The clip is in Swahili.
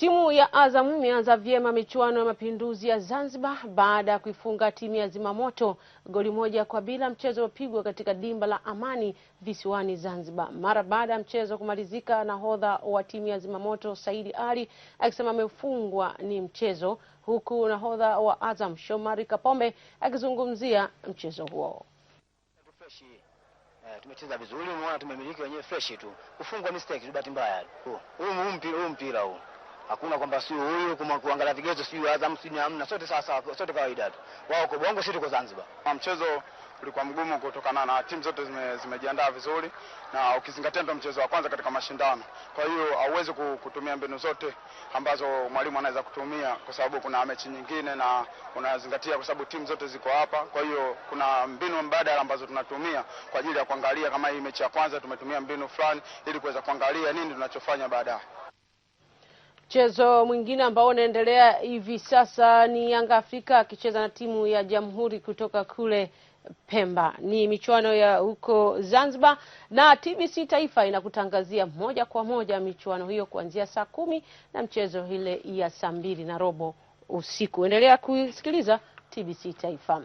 Timu ya Azam imeanza vyema michuano ya Mapinduzi ya Zanzibar baada ya kuifunga timu ya Zimamoto goli moja kwa bila, mchezo upigwa katika dimba la Amani visiwani Zanzibar. Mara baada ya mchezo kumalizika, nahodha wa timu ya Zimamoto Saidi Ali akisema amefungwa ni mchezo, huku nahodha wa Azam Shomari Kapombe akizungumzia mchezo huo. Eh, tumecheza vizuri, umeona tumemiliki wenyewe fresh tu, kufungwa mistake tu, bahati mbaya huu mpira huu Hakuna kwamba si huyu kuangalia vigezo si Azam si hamna, sote sawa sawa, sote kawaida tu. Wao kwa Bongo, sisi tuko Zanzibar. Ah, mchezo ulikuwa mgumu kutokana na timu zote zime, zimejiandaa vizuri na ukizingatia ndo mchezo wa kwanza katika mashindano. Kwa hiyo hauwezi kutumia mbinu zote ambazo mwalimu anaweza kutumia, kwa sababu kuna mechi nyingine na unazingatia, kwa sababu timu zote ziko hapa. Kwa hiyo kuna mbinu mbadala ambazo tunatumia kwa ajili ya kuangalia, kama hii mechi ya kwanza tumetumia mbinu fulani ili kuweza kuangalia nini tunachofanya baadaye. Mchezo mwingine ambao unaendelea hivi sasa ni Yanga Afrika akicheza na timu ya Jamhuri kutoka kule Pemba. Ni michuano ya huko Zanzibar, na TBC Taifa inakutangazia moja kwa moja michuano hiyo kuanzia saa kumi na mchezo ile ya saa mbili na robo usiku. Endelea kusikiliza TBC Taifa.